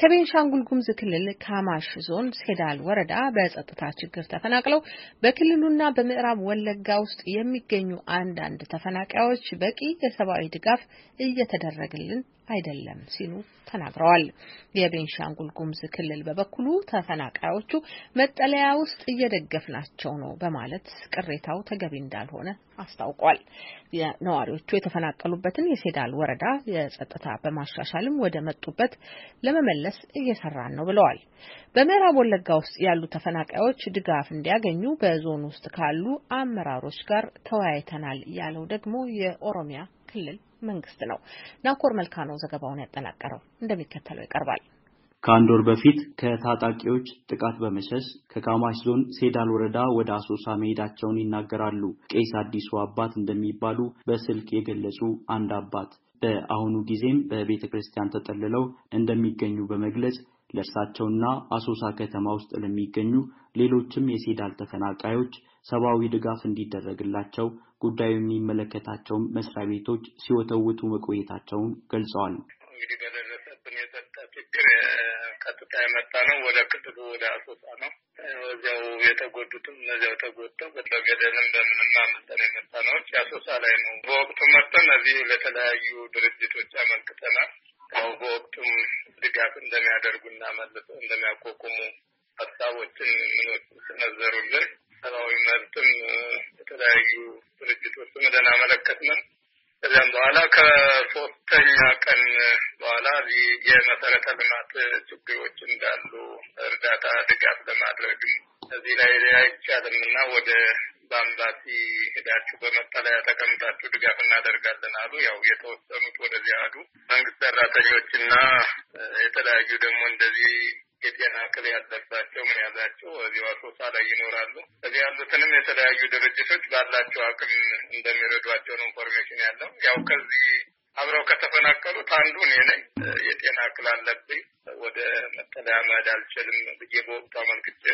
ከቤንሻንጉል ጉሙዝ ክልል ካማሽ ዞን ሴዳል ወረዳ በጸጥታ ችግር ተፈናቅለው በክልሉና በምዕራብ ወለጋ ውስጥ የሚገኙ አንዳንድ ተፈናቃዮች በቂ የሰብአዊ ድጋፍ እየተደረገልን አይደለም ሲሉ ተናግረዋል። የቤንሻንጉል ጉምዝ ክልል በበኩሉ ተፈናቃዮቹ መጠለያ ውስጥ እየደገፍናቸው ነው በማለት ቅሬታው ተገቢ እንዳልሆነ አስታውቋል። ነዋሪዎቹ የተፈናቀሉበትን የሴዳል ወረዳ የጸጥታ በማሻሻልም ወደ መጡበት ለመመለስ እየሰራን ነው ብለዋል። በምዕራብ ወለጋ ውስጥ ያሉ ተፈናቃዮች ድጋፍ እንዲያገኙ በዞን ውስጥ ካሉ አመራሮች ጋር ተወያይተናል ያለው ደግሞ የኦሮሚያ ክልል መንግስት ነው። ናኮር መልካ ነው ዘገባውን ያጠናቀረው፣ እንደሚከተለው ይቀርባል። ከአንድ ወር በፊት ከታጣቂዎች ጥቃት በመሸሽ ከካማሽ ዞን ሴዳል ወረዳ ወደ አሶሳ መሄዳቸውን ይናገራሉ። ቄስ አዲሱ አባት እንደሚባሉ በስልክ የገለጹ አንድ አባት በአሁኑ ጊዜም በቤተ ክርስቲያን ተጠልለው እንደሚገኙ በመግለጽ ለእርሳቸውና አሶሳ ከተማ ውስጥ ለሚገኙ ሌሎችም የሴዳል ተፈናቃዮች ሰብአዊ ድጋፍ እንዲደረግላቸው ጉዳዩ የሚመለከታቸውን መስሪያ ቤቶች ሲወተውቱ መቆየታቸውን ገልጸዋል። እንግዲህ በደረሰብን የጸጥታ ችግር ቀጥታ የመጣ ነው። ወደ ክልሉ ወደ አሶሳ ነው። እዚያው የተጎዱትም እነዚያው ተጎድተው በገደልም በምንም የመጣ ነው። አሶሳ ላይ ነው። በወቅቱ መጥተን እዚህ ለተለያዩ ድርጅቶች አመልክተናል። ያው በወቅቱም ድጋፍ እንደሚያደርጉና መልሰው እንደሚያቋቁሙ ሀሳቦችን ምኖች ስነዘሩልን ሰብአዊ መብትም የተለያዩ ድርጅቶች መለከት አመለከትንም። ከዚያም በኋላ ከሶስተኛ ቀን በኋላ የመሰረተ ልማት ችግሮች እንዳሉ እርዳታ ድጋፍ ለማድረግም እዚህ ላይ አይቻልም እና ወደ በአምባሲ ሄዳችሁ በመጠለያ ተቀምጣችሁ ድጋፍ እናደርጋለን አሉ። ያው የተወሰኑት ወደዚህ አሉ። መንግስት ሰራተኞችና የተለያዩ ደግሞ እንደዚህ የጤና እክል ያለባቸው ምን ያላቸው እዚሁ አሶሳ ላይ ይኖራሉ። እዚህ ያሉትንም የተለያዩ ድርጅቶች ባላቸው አቅም እንደሚረዷቸው ነው ኢንፎርሜሽን ያለው። ያው ከዚህ አብረው ከተፈናቀሉት አንዱ እኔ ነኝ። የጤና እክል አለብኝ ወደ መጠለያ መሄድ አልችልም ብዬ በወቅቱ አመልክቼ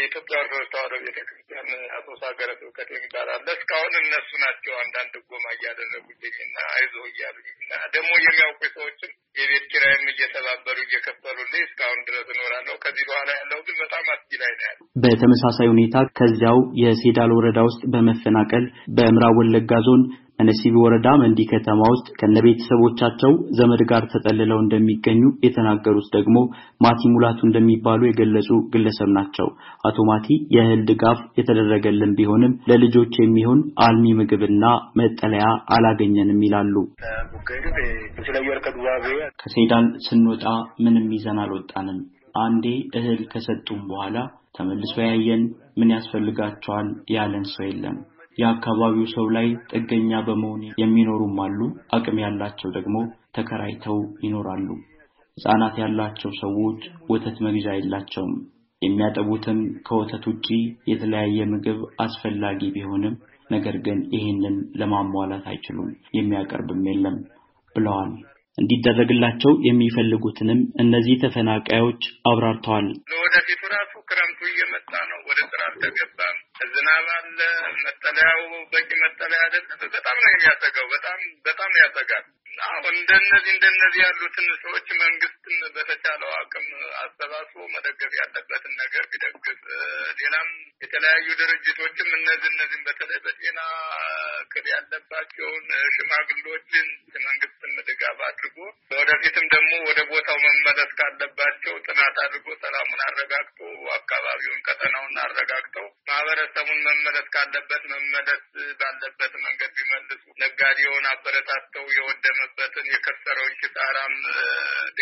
የኢትዮጵያ ኦርቶዶክስ ተዋሕዶ ቤተክርስቲያን አሶሳ ሀገረ ስብከት የሚባል አለ። እስካሁን እነሱ ናቸው አንዳንድ ጎማ እያደረጉልኝ እና አይዞ እያሉኝ እና ደግሞ የሚያውቁ ሰዎችም የቤት ኪራይም እየተባበሩ እየከፈሉልኝ እስካሁን ድረስ እኖራለሁ። ከዚህ በኋላ ያለው ግን በጣም አስጊ ላይ ነው ያለው። በተመሳሳይ ሁኔታ ከዚያው የሴዳል ወረዳ ውስጥ በመፈናቀል በምዕራብ ወለጋ ዞን እነሲቢ ወረዳ መንዲ ከተማ ውስጥ ከነቤተሰቦቻቸው ዘመድ ጋር ተጠልለው እንደሚገኙ የተናገሩት ደግሞ ማቲ ሙላቱ እንደሚባሉ የገለጹ ግለሰብ ናቸው። አቶ ማቲ የእህል ድጋፍ የተደረገልን ቢሆንም ለልጆች የሚሆን አልሚ ምግብና መጠለያ አላገኘንም ይላሉ። ከሴዳን ስንወጣ ምንም ይዘን አልወጣንም። አንዴ እህል ከሰጡም በኋላ ተመልሶ ያየን ምን ያስፈልጋቸዋል ያለን ሰው የለም። የአካባቢው ሰው ላይ ጥገኛ በመሆን የሚኖሩም አሉ። አቅም ያላቸው ደግሞ ተከራይተው ይኖራሉ። ሕፃናት ያላቸው ሰዎች ወተት መግዣ የላቸውም። የሚያጠቡትም ከወተት ውጪ የተለያየ ምግብ አስፈላጊ ቢሆንም ነገር ግን ይህንን ለማሟላት አይችሉም፣ የሚያቀርብም የለም ብለዋል። እንዲደረግላቸው የሚፈልጉትንም እነዚህ ተፈናቃዮች አብራርተዋል። ለወደፊቱ ራሱ ክረምቱ እየመጣ ነው። ወደ ስራ አልተገባም። ዝናብ አለ። መጠለያው በቂ መጠለያ አይደለም። በጣም ነው የሚያሰጋው። በጣም በጣም ያሰጋል። አሁን እንደነዚህ እንደነዚህ ያሉትን ሰዎች መንግስትን በተቻለው አቅም አሰባስቦ መደገፍ ያለበትን ነገር ቢደግፍ፣ ሌላም የተለያዩ ድርጅቶችም እነዚህ እነዚህም በተለይ በጤና እክል ያለባቸውን ሽማግሎችን የመንግስትን ድጋፍ አድርጎ ወደፊትም ደግሞ ወደ ቦታው መመለስ ካለባቸው ጥናት አድርጎ ሰላሙን አረጋግጦ አካባቢውን ቀጠናውን አረጋግጦ ማህበረሰቡን መመለስ ካለበት መመለስ ባለበት መንገድ ቢመልሱ ነጋዴውን አበረታተው የወደመበትን የከሰረውን ሽጣራም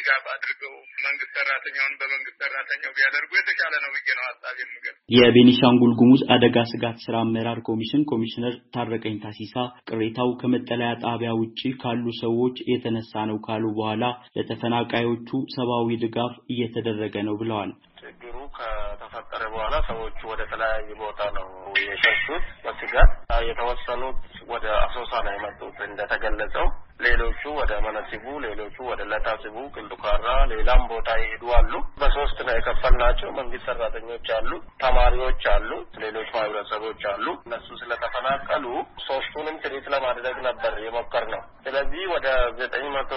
ድጋፍ አድርገው መንግስት ሰራተኛውን በመንግስት ሰራተኛው ቢያደርጉ የተሻለ ነው ብዬ ነው ሀሳብ የምገልጽ። የቤኒሻንጉል ጉሙዝ አደጋ ስጋት ስራ አመራር ኮሚሽን ኮሚሽነር ታረቀኝ ታሲሳ ቅሬታው ከመጠለያ ጣቢያ ውጭ ካሉ ሰዎች የተነሳ ነው ካሉ በኋላ ለተፈናቃዮቹ ሰብአዊ ድጋፍ እየተደረገ ነው ብለዋል። ችግሩ ከተፈጠረ በኋላ ሰዎቹ ወደ ተለያየ ቦታ ነው የሸሹት በስጋት የተወሰኑት ወደ አሶሳ ነው የመጡት እንደተገለጸው ሌሎቹ ወደ መነሲቡ፣ ሌሎቹ ወደ ለታሲቡ ቅልዱካራ፣ ሌላም ቦታ ይሄዱ አሉ። በሶስት ነው የከፈልናቸው። መንግስት ሰራተኞች አሉ፣ ተማሪዎች አሉ፣ ሌሎች ማህበረሰቦች አሉ። እነሱ ስለተፈናቀሉ ሶስቱንም ትሪት ለማድረግ ነበር የሞከር ነው። ስለዚህ ወደ ዘጠኝ መቶ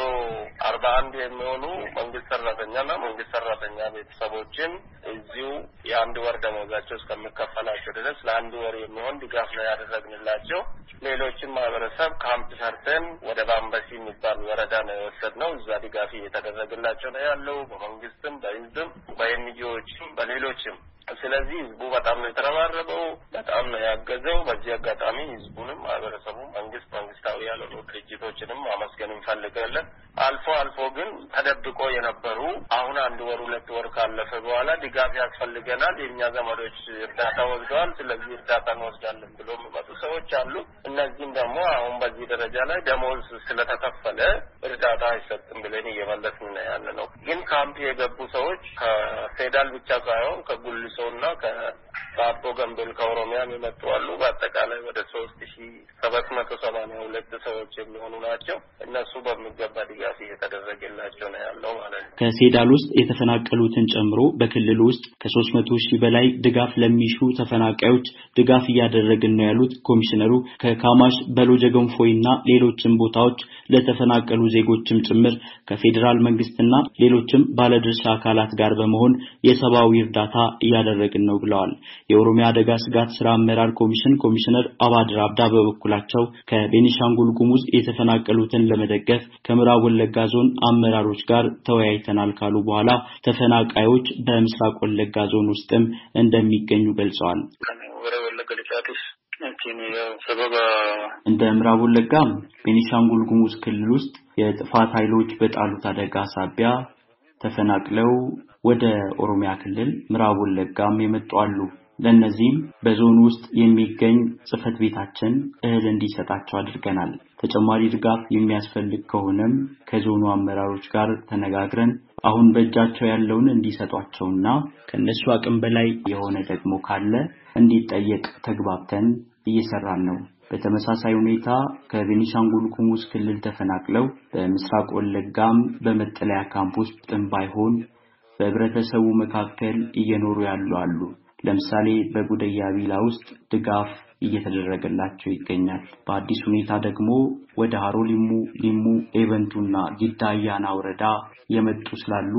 አርባ አንድ የሚሆኑ መንግስት ሰራተኛና መንግስት ሰራተኛ ቤተሰቦችን እዚሁ የአንድ ወር ደመወዛቸው እስከሚከፈላቸው ድረስ ለአንድ ወር የሚሆን ድጋፍ ነው ያደረግንላቸው። ሌሎችን ማህበረሰብ ካምፕ ሰርተን ወደ ባም አንበሲ የሚባል ወረዳ ነው የወሰድነው። እዛ ድጋፍ እየተደረገላቸው ነው ያለው በመንግስትም፣ በህዝብም፣ በኤንጂዎችም በሌሎችም ስለዚህ ህዝቡ በጣም ነው የተረባረበው፣ በጣም ነው ያገዘው። በዚህ አጋጣሚ ህዝቡንም ማህበረሰቡ፣ መንግስት፣ መንግስታዊ ያልሆኑ ድርጅቶችንም ማመስገን እንፈልጋለን። አልፎ አልፎ ግን ተደብቆ የነበሩ አሁን አንድ ወር ሁለት ወር ካለፈ በኋላ ድጋፍ ያስፈልገናል፣ የእኛ ዘመዶች እርዳታ ወስደዋል፣ ስለዚህ እርዳታ እንወስዳለን ብሎ የሚመጡ ሰዎች አሉ። እነዚህም ደግሞ አሁን በዚህ ደረጃ ላይ ደሞዝ ስለተከፈለ እርዳታ አይሰጥም ብለን እየመለስን ያለ ነው። ግን ካምፕ የገቡ ሰዎች ከፌዳል ብቻ ሳይሆን ከጉልሶ ከእሳቸውና ከአቦ ገንቤል ከኦሮሚያም የመጡ አሉ። በአጠቃላይ ወደ ሶስት ሺ ሰባት መቶ ሰማኒያ ሁለት ሰዎች የሚሆኑ ናቸው። እነሱ በሚገባ ድጋፍ እየተደረገላቸው ነው ያለው ማለት ነው። ከሴዳል ውስጥ የተፈናቀሉትን ጨምሮ በክልል ውስጥ ከሶስት መቶ ሺህ በላይ ድጋፍ ለሚሹ ተፈናቃዮች ድጋፍ እያደረግን ነው ያሉት ኮሚሽነሩ ከካማሽ በሎጀ ገንፎይ እና ሌሎችም ቦታዎች ለተፈናቀሉ ዜጎችም ጭምር ከፌዴራል መንግስትና ሌሎችም ባለድርሻ አካላት ጋር በመሆን የሰብአዊ እርዳታ እያደረግን ነው ብለዋል። የኦሮሚያ አደጋ ስጋት ስራ አመራር ኮሚሽን ኮሚሽነር አባድር አብዳ በበኩላቸው ከቤኒሻንጉል ጉሙዝ የተፈናቀሉትን ለመደገፍ ከምዕራብ ወለጋ ዞን አመራሮች ጋር ተወያይተናል ካሉ በኋላ ተፈናቃዮች በምስራቅ ወለጋ ዞን ውስጥም እንደሚገኙ ገልጸዋል። እንደ ምዕራብ ወለጋ ቤኒሻንጉል ጉሙዝ ክልል ውስጥ የጥፋት ኃይሎች በጣሉት አደጋ ሳቢያ ተፈናቅለው ወደ ኦሮሚያ ክልል ምዕራብ ወለጋም የመጡ አሉ። ለእነዚህም በዞን ውስጥ የሚገኝ ጽፈት ቤታችን እህል እንዲሰጣቸው አድርገናል። ተጨማሪ ድጋፍ የሚያስፈልግ ከሆነም ከዞኑ አመራሮች ጋር ተነጋግረን አሁን በእጃቸው ያለውን እንዲሰጧቸውና ከእነሱ አቅም በላይ የሆነ ደግሞ ካለ እንዲጠየቅ ተግባብተን እየሰራን ነው። በተመሳሳይ ሁኔታ ከቤኒሻንጉል ጉሙዝ ክልል ተፈናቅለው በምስራቅ ወለጋም በመጠለያ ካምፕ ውስጥ ጥም ባይሆን በህብረተሰቡ መካከል እየኖሩ ያሉ አሉ። ለምሳሌ በጉደያ ቢላ ውስጥ ድጋፍ እየተደረገላቸው ይገኛል። በአዲስ ሁኔታ ደግሞ ወደ ሀሮ ሊሙ፣ ሊሙ፣ ኤቨንቱ ጊዳ አያና ወረዳ የመጡ ስላሉ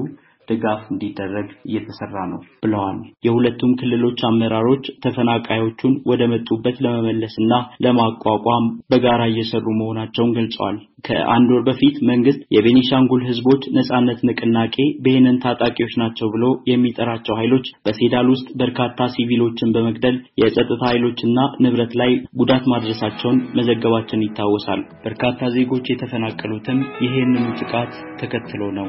ድጋፍ እንዲደረግ እየተሰራ ነው ብለዋል። የሁለቱም ክልሎች አመራሮች ተፈናቃዮቹን ወደ መጡበት ለመመለስና ለማቋቋም በጋራ እየሰሩ መሆናቸውን ገልጸዋል። ከአንድ ወር በፊት መንግስት የቤኒሻንጉል ህዝቦች ነጻነት ንቅናቄ ብሔንን ታጣቂዎች ናቸው ብሎ የሚጠራቸው ኃይሎች በሴዳል ውስጥ በርካታ ሲቪሎችን በመግደል የጸጥታ ኃይሎችና ንብረት ላይ ጉዳት ማድረሳቸውን መዘገባችን ይታወሳል። በርካታ ዜጎች የተፈናቀሉትም ይህንኑ ጥቃት ተከትሎ ነው።